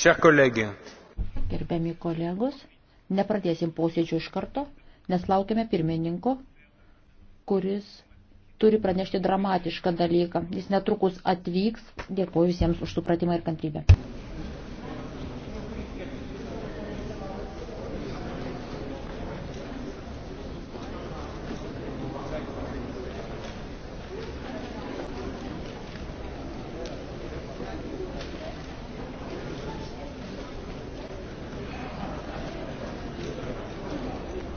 Chers collègues. Gerbiami kolegos, nepradėsim posėdžio iš karto, nes laukiame pirmininko, kuris turi pranešti dramatišką dalyką. Jis netrukus atvyks. Dėkuoju visiems už supratimą ir kantrybę.